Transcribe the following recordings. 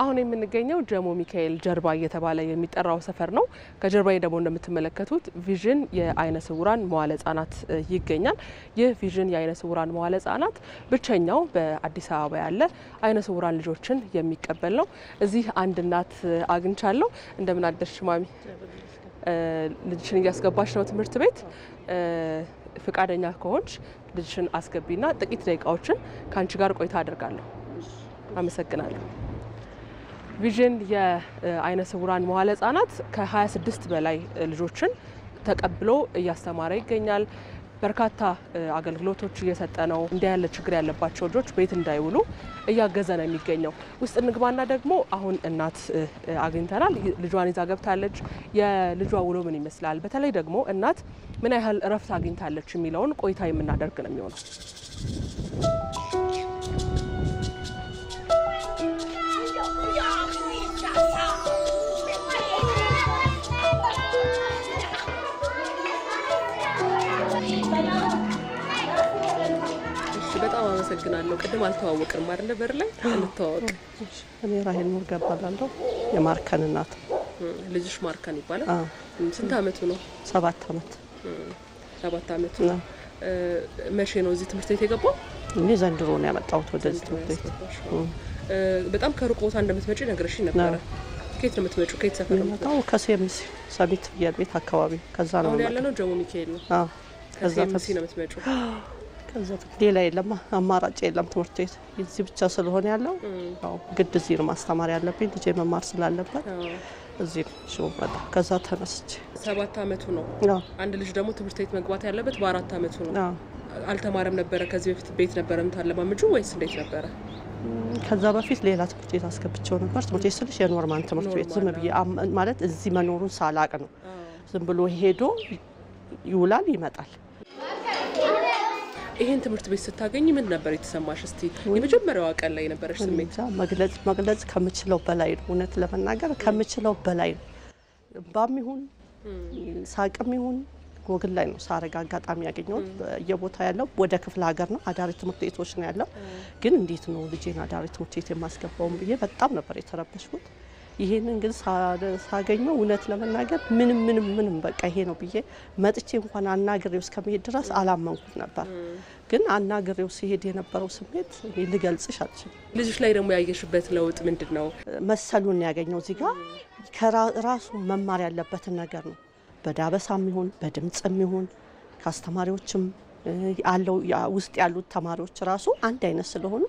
አሁን የምንገኘው ጀሞ ሚካኤል ጀርባ እየተባለ የሚጠራው ሰፈር ነው። ከጀርባዬ ደግሞ እንደምትመለከቱት ቪዥን የአይነ ስውራን መዋለ ህጻናት ይገኛል። ይህ ቪዥን የአይነ ስውራን መዋለ ህጻናት ብቸኛው በአዲስ አበባ ያለ አይነ ስውራን ልጆችን የሚቀበል ነው። እዚህ አንድ እናት አግኝቻለሁ። እንደምን አደርሽ ማሚ? ልጅሽን እያስገባሽ ነው ትምህርት ቤት ፍቃደኛ ከሆንች ልጅሽን አስገቢና ጥቂት ደቂቃዎችን ከአንቺ ጋር ቆይታ አደርጋለሁ። አመሰግናለሁ። ቪዥን የአይነ ስውራን መዋለ ህጻናት ከ26 በላይ ልጆችን ተቀብሎ እያስተማረ ይገኛል። በርካታ አገልግሎቶች እየሰጠ ነው። እንዲህ ያለ ችግር ያለባቸው ልጆች ቤት እንዳይውሉ እያገዘ ነው የሚገኘው። ውስጥ እንግባና ደግሞ አሁን እናት አግኝተናል። ልጇን ይዛ ገብታለች። የልጇ ውሎ ምን ይመስላል፣ በተለይ ደግሞ እናት ምን ያህል እረፍት አግኝታለች የሚለውን ቆይታ የምናደርግ ነው የሚሆነው። አመሰግናለሁ። ቅድም አልተዋወቅንም አይደለ? በር ላይ እንተዋወቅ። እኔ ራሄል ሙርጋ እባላለሁ። የማርከን እናት። ልጅሽ ማርከን ይባላል። ስንት አመቱ ነው? ሰባት አመት ሰባት አመቱ መቼ ነው እዚህ ትምህርት ቤት የገባው? እኔ ዘንድሮ ነው ያመጣሁት ወደዚህ ትምህርት ቤት። በጣም ከሩቅ ቦታ እንደምትመጪ ነገርሽ ነበረ። ከየት ነው የምትመጪው? ከየት ሰፈር ነው የምትመጪው? ሰሚት ፍየል ቤት አካባቢ ከዛ ነው ያለ ነው። ጀሞ ሚካኤል ነው ከዛ ነው የምትመጪው ከዛ ሌላ የለም፣ አማራጭ የለም። ትምህርት ቤት እዚህ ብቻ ስለሆነ ያለው ግድ እዚህ ነው ማስተማር ያለብኝ ልጄ መማር ስላለበት እዚህ ነው ሽመጣ። ከዛ ተነስቼ ሰባት አመቱ ነው። አንድ ልጅ ደግሞ ትምህርት ቤት መግባት ያለበት በአራት አመቱ ነው። አልተማረም ነበረ ከዚህ በፊት ቤት ነበረ የምታለማምጁ ወይስ እንዴት ነበረ? ከዛ በፊት ሌላ ትምህርት ቤት አስገብቸው ነበር። ትምህርት ቤት ስልሽ የኖርማል ትምህርት ቤት ዝም ብዬ ማለት እዚህ መኖሩን ሳላቅ ነው። ዝም ብሎ ሄዶ ይውላል ይመጣል ይሄን ትምህርት ቤት ስታገኝ ምን ነበር የተሰማሽ? እስቲ የመጀመሪያዋ ቀን ላይ የነበረሽ ስሜት? መግለጽ መግለጽ ከምችለው በላይ ነው። እውነት ለመናገር ከምችለው በላይ ነው። እምባም ይሁን ሳቅም ይሁን ጎግል ላይ ነው ሳረግ አጋጣሚ ያገኘሁት። በየቦታ ያለው ወደ ክፍለ ሀገር ነው አዳሪ ትምህርት ቤቶች ነው ያለው። ግን እንዴት ነው ልጄን አዳሪ ትምህርት ቤት የማስገባውን ብዬ በጣም ነበር የተረበሽኩት። ይሄንን ግን ሳገኘው እውነት ለመናገር ምንም ምንም ምንም በቃ ይሄ ነው ብዬ መጥቼ እንኳን አናግሬው እስከመሄድ ድረስ አላመንኩት ነበር። ግን አናግሬው ሲሄድ የነበረው ስሜት ልገልጽሽ አልችልም። ልጆች ላይ ደግሞ ያየሽበት ለውጥ ምንድን ነው? መሰሉን ያገኘው እዚህ ጋር ከራሱ መማር ያለበትን ነገር ነው። በዳበሳም ይሁን በድምፅም ይሁን ከአስተማሪዎችም አለው ውስጥ ያሉት ተማሪዎች ራሱ አንድ አይነት ስለሆኑ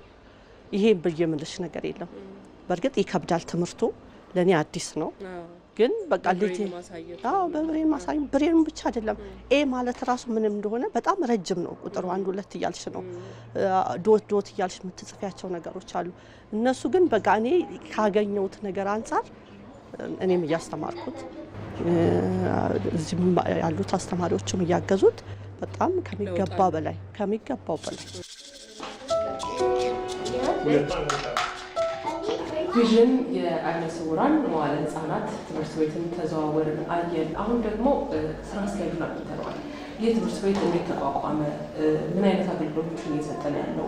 ይሄ ብዬ ምልሽ ነገር የለም። በእርግጥ ይከብዳል ትምህርቱ ለእኔ አዲስ ነው። ግን በቃ ልጅ አዎ በብሬን ማሳዩ ብሬን ብቻ አይደለም። ኤ ማለት ራሱ ምንም እንደሆነ በጣም ረጅም ነው ቁጥሩ። አንድ ሁለት እያልሽ ነው ዶት ዶት እያልሽ የምትጽፊያቸው ነገሮች አሉ። እነሱ ግን በቃ እኔ ካገኘሁት ነገር አንጻር እኔም እያስተማርኩት እዚህም ያሉት አስተማሪዎችም እያገዙት በጣም ከሚገባ በላይ ከሚገባው በላይ ቪዥን የአይነ ስውራን መዋለ ህጻናት ትምህርት ቤትን ተዘዋወርን አየን። አሁን ደግሞ ስራ አስኪያጁን አግኝተነዋል። ይህ ትምህርት ቤት እንዴት ተቋቋመ? ምን አይነት አገልግሎቶችን እየሰጠን ያለው?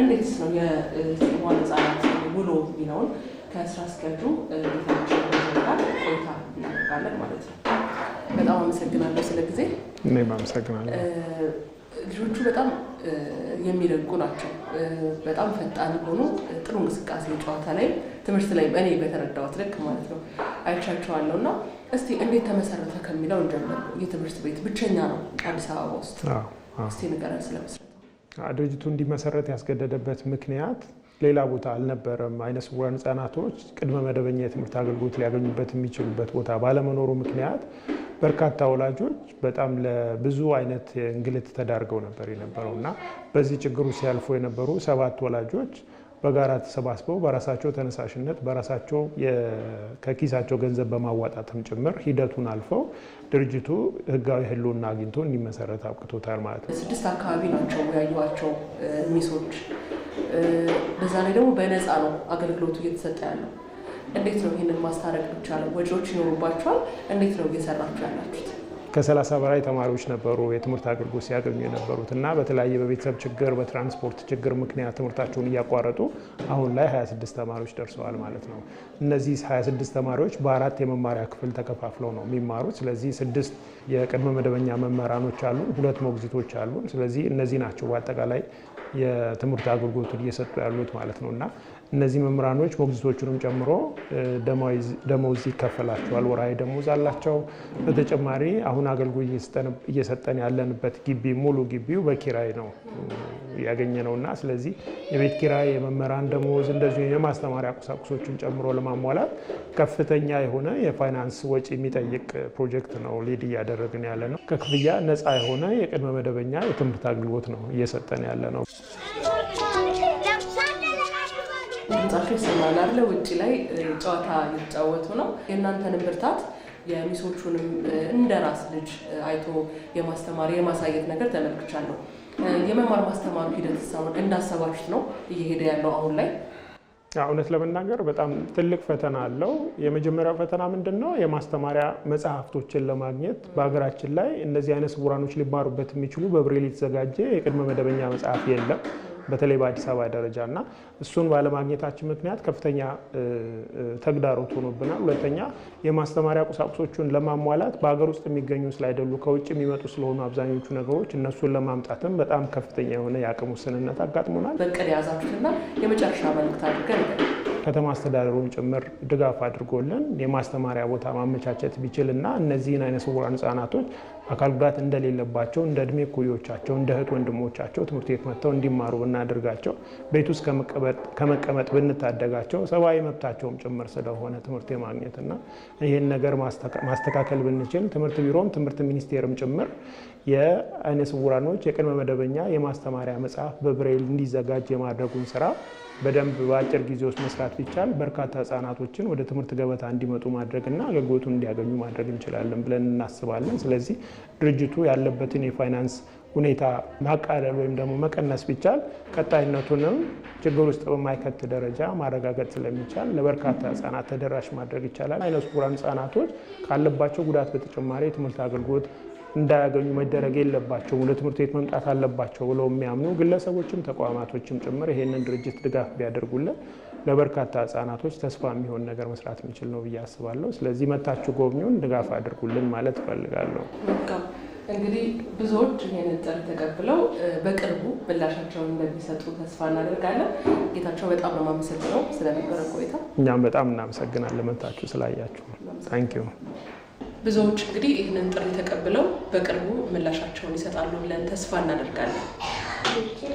እንዴትስ ነው የመዋለ ህጻናት ውሎ የሚለውን ከስራ አስኪያጁ ቤታቸው ጋር ቆይታ እናደርጋለን ማለት ነው። በጣም አመሰግናለሁ ስለ ጊዜ። እኔም አመሰግናለሁ። ልጆቹ በጣም የሚደንቁ ናቸው። በጣም ፈጣን ሆኖ ጥሩ እንቅስቃሴ ጨዋታ ላይ ትምህርት ላይ እኔ በተረዳሁት ልክ ማለት ነው አይቻቸዋለሁ። እና እስቲ እንዴት ተመሰረተ ከሚለው እንጀምር። ይህ ትምህርት ቤት ብቸኛ ነው አዲስ አበባ ውስጥ። እስቲ ንገረን ስለመስረተው። ድርጅቱ እንዲመሰረት ያስገደደበት ምክንያት ሌላ ቦታ አልነበረም። አይነ ስውራን ህጻናቶች ቅድመ መደበኛ የትምህርት አገልግሎት ሊያገኙበት የሚችሉበት ቦታ ባለመኖሩ ምክንያት በርካታ ወላጆች በጣም ለብዙ አይነት እንግልት ተዳርገው ነበር የነበረው እና በዚህ ችግሩ ሲያልፉ የነበሩ ሰባት ወላጆች በጋራ ተሰባስበው በራሳቸው ተነሳሽነት በራሳቸው ከኪሳቸው ገንዘብ በማዋጣትም ጭምር ሂደቱን አልፈው ድርጅቱ ህጋዊ ህልውና አግኝቶ እንዲመሰረት አብቅቶታል ማለት ነው። ስድስት አካባቢ ናቸው ያዩዋቸው ሚሶች በዛ ላይ ደግሞ በነፃ ነው አገልግሎቱ እየተሰጠ ያለው። እንዴት ነው ይህንን ማስታረቅ ይቻላል? ወጪዎች ይኖሩባቸዋል። እንዴት ነው እየሰራችሁ ያላችሁት? ከሰላሳ በላይ ተማሪዎች ነበሩ የትምህርት አገልግሎት ሲያገኙ የነበሩት እና በተለያየ በቤተሰብ ችግር፣ በትራንስፖርት ችግር ምክንያት ትምህርታቸውን እያቋረጡ አሁን ላይ 26 ተማሪዎች ደርሰዋል ማለት ነው። እነዚህ 26 ተማሪዎች በአራት የመማሪያ ክፍል ተከፋፍለው ነው የሚማሩት። ስለዚህ ስድስት የቅድመ መደበኛ መምህራኖች አሉን፣ ሁለት ሞግዚቶች አሉን። ስለዚህ እነዚህ ናቸው በአጠቃላይ የትምህርት አገልግሎቱን እየሰጡ ያሉት ማለት ነው እና እነዚህ መምህራኖች ሞግዚቶቹንም ጨምሮ ደመወዝ ይከፈላቸዋል። ወርሃዊ ደመወዝ አላቸው። በተጨማሪ አሁን አገልግሎት እየሰጠን ያለንበት ግቢ ሙሉ ግቢው በኪራይ ነው ያገኘ ነው እና ስለዚህ የቤት ኪራይ፣ የመምህራን ደመወዝ እንደዚሁ የማስተማሪያ ቁሳቁሶችን ጨምሮ ለማሟላት ከፍተኛ የሆነ የፋይናንስ ወጪ የሚጠይቅ ፕሮጀክት ነው። ሊድ እያደረግን ያለ ነው። ከክፍያ ነፃ የሆነ የቅድመ መደበኛ የትምህርት አገልግሎት ነው እየሰጠን ያለ ነው። ምንጻፍ ይሰማል አለ ውጭ ላይ ጨዋታ እየተጫወቱ ነው። የእናንተንም ብርታት የሚሶቹንም እንደ ራስ ልጅ አይቶ የማስተማር የማሳየት ነገር ተመልክቻለሁ። የመማር ማስተማሩ ሂደት ሳሆን እንዳሰባችሁት ነው እየሄደ ያለው አሁን ላይ? እውነት ለመናገር በጣም ትልቅ ፈተና አለው። የመጀመሪያው ፈተና ምንድን ነው? የማስተማሪያ መጽሐፍቶችን ለማግኘት በሀገራችን ላይ እነዚህ አይነት ስውራኖች ሊማሩበት የሚችሉ በብሬል የተዘጋጀ የቅድመ መደበኛ መጽሐፍ የለም። በተለይ በአዲስ አበባ ደረጃ እና እሱን ባለማግኘታችን ምክንያት ከፍተኛ ተግዳሮት ሆኖብናል። ሁለተኛ የማስተማሪያ ቁሳቁሶቹን ለማሟላት በሀገር ውስጥ የሚገኙ ስላይደሉ ከውጭ የሚመጡ ስለሆኑ አብዛኞቹ ነገሮች እነሱን ለማምጣትም በጣም ከፍተኛ የሆነ የአቅም ውስንነት አጋጥሞናል። በቅድ የያዛችሁትና የመጨረሻ መልእክት አድርገን ከተማ አስተዳደሩም ጭምር ድጋፍ አድርጎልን የማስተማሪያ ቦታ ማመቻቸት ቢችልና እነዚህን አይነ ስውራን ህጻናቶች አካል ጉዳት እንደሌለባቸው እንደ እድሜ ኩዮቻቸው እንደ እህት ወንድሞቻቸው ትምህርት ቤት መጥተው እንዲማሩ ብናደርጋቸው ቤት ውስጥ ከመቀመጥ ብንታደጋቸው ሰብአዊ መብታቸውም ጭምር ስለሆነ ትምህርት የማግኘትና ይህን ነገር ማስተካከል ብንችል ትምህርት ቢሮም ትምህርት ሚኒስቴርም ጭምር የአይነ ስውራኖች የቅድመ መደበኛ የማስተማሪያ መጽሐፍ በብሬል እንዲዘጋጅ የማድረጉን ስራ በደንብ በአጭር ጊዜ ውስጥ መስራት ቢቻል በርካታ ህጻናቶችን ወደ ትምህርት ገበታ እንዲመጡ ማድረግና አገልግሎቱን እንዲያገኙ ማድረግ እንችላለን ብለን እናስባለን። ስለዚህ ድርጅቱ ያለበትን የፋይናንስ ሁኔታ ማቃለል ወይም ደግሞ መቀነስ ቢቻል ቀጣይነቱንም ችግር ውስጥ በማይከት ደረጃ ማረጋገጥ ስለሚቻል ለበርካታ ህጻናት ተደራሽ ማድረግ ይቻላል። አይነ ስውራን ህጻናቶች ካለባቸው ጉዳት በተጨማሪ የትምህርት አገልግሎት እንዳያገኙ መደረግ የለባቸውም ወደ ትምህርት ቤት መምጣት አለባቸው ብለው የሚያምኑ ግለሰቦችም ተቋማቶችም ጭምር ይሄንን ድርጅት ድጋፍ ቢያደርጉልን ለበርካታ ህጻናቶች ተስፋ የሚሆን ነገር መስራት የሚችል ነው ብዬ አስባለሁ። ስለዚህ መታችሁ ጎብኚውን ድጋፍ አድርጉልን ማለት እፈልጋለሁ። እንግዲህ ብዙዎች ይህንን ጥሪ ተቀብለው በቅርቡ ምላሻቸውን እንደሚሰጡ ተስፋ እናደርጋለን። ጌታቸው በጣም ነው የማመሰግነው ስለነበረ ቆይታ። እኛም በጣም እናመሰግናለን መታችሁ ስላያችሁ ታንኪዩ። ብዙዎች እንግዲህ ይህንን ጥሪ ተቀብለው በቅርቡ ምላሻቸውን ይሰጣሉ ብለን ተስፋ እናደርጋለን።